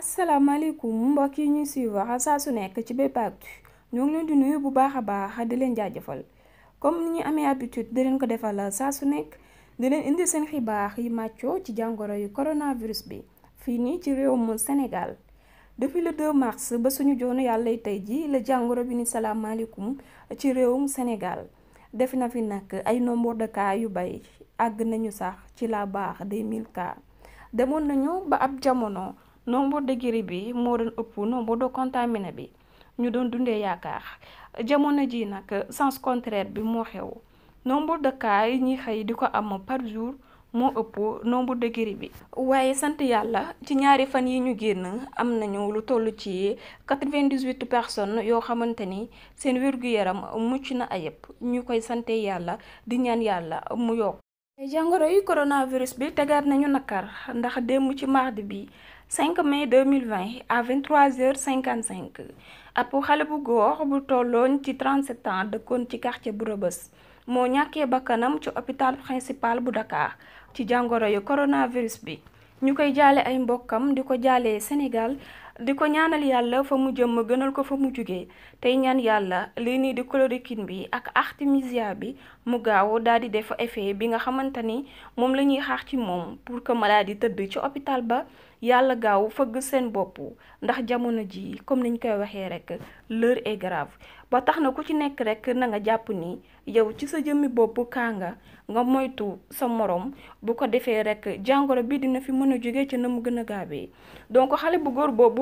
asalaamaaleykum mbokk yi ñuy suivre saa su nekk ci bépp actu ñoo ngi leen di nuyu bu baax a baax di leen jaajëfal comme ni ñu amee habitude daleen ko defal saa su nekk di leen indi seen xibaar yi màccoo ci jàngoro yu coronavirus bi fii nii ci réew mu Sénégal depuis le 2 mars ba suñu joonu yàlla tey ji la jàngoro bi ni salaamaaleykum ci réewum senegal def na fi nag ay nombre de yu bay àgg nañu sax ci la baax des 1000 cas demoon nañu ba ab jamono. nombre de guéris bi moo doon ëpp nombre de contaminé bi ñu doon dundee yaakaar jamono ji nag sens contraire bi moo xew nombre de cas yi ñuy xëy di ko am par jour moo ëpp nombre de guéris bi. waaye sant yàlla ci ñaari fan yi ñu génn am nañu lu toll ci quatre-vingt-dix-huit personnes yoo xamante ni seen wér-gu-yaram mucc na ayëpp ñu koy sante yàlla di ñaan yàlla mu yokk. jàngoro yi coronavirus bi tegaat nañu nakar ndax démb ci mardi bi 5 mai 2020 à 23h55 ab xale bu góor bu tolloon ci 37 ans dëkkoon ci quartier bu Rëbës moo ñàkkee bakkanam ci hôpital principal bu Dakar ci jàngoro yu coronavirus bi ñu koy jaale ay mbokkam di ko jaalee Sénégal di ko ñaanal yàlla fa mu jëm gënal ko fa mu jugee tey ñaan yàlla lii nii di chloroquine bi ak artemisia bi mu gaaw daal di def effet bi nga xamante ni moom la ñuy xaar ci moom pour que di tëdd ci hôpital ba yàlla gaaw fëgg seen bopp ndax jamono ji comme niñ koy waxee rek l'heure est grave ba tax na ku ci nekk rek na nga jàpp ni yow ci sa jëmmi bopp kaa nga nga moytu sa morom bu ko defee rek jàngoro bi dina fi mën a jugee ci na mu gën a gaabee donc xale bu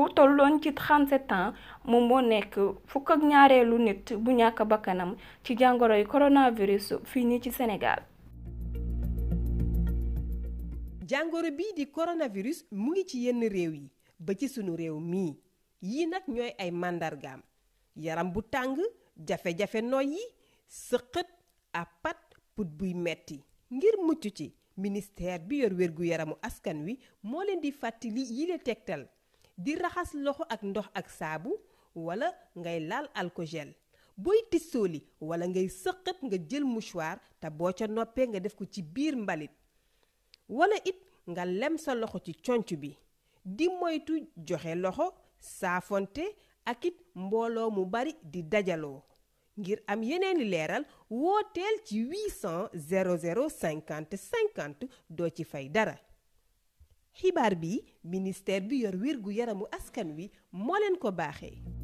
mu tolloon ci 37 ans moom moo nekk fukk ak ñaareelu nit bu ñàkk bakkanam ci jàngoroy coronavirus fii nii ci Sénégal. jàngoro bii di coronavirus mu ngi ci yenn réew yi ba ci sunu réew mii yii nag ñooy ay màndargaam yaram bu tàng jafe-jafe noyyi sëqët apat put buy metti ngir mucc ci ministère bi yor wér yaramu askan wi moo leen di fàttali yile tegtal di raxas loxo ak ndox ak saabu wala ngay laal alkogel booy li wala ngay sëqat nga jël mouchoir te boo ca noppee nga def ko ci biir mbalit wala it nga lem sa loxo ci conc bi di moytu joxe loxo saafonte ak it mbooloo mu bari di dajaloo ngir am yeneeni leeral wooteel ci 800 00 50 50 doo ci fay dara xibaar bi ministère bi yor wér gu yaramu askan wi moo leen ko baaxee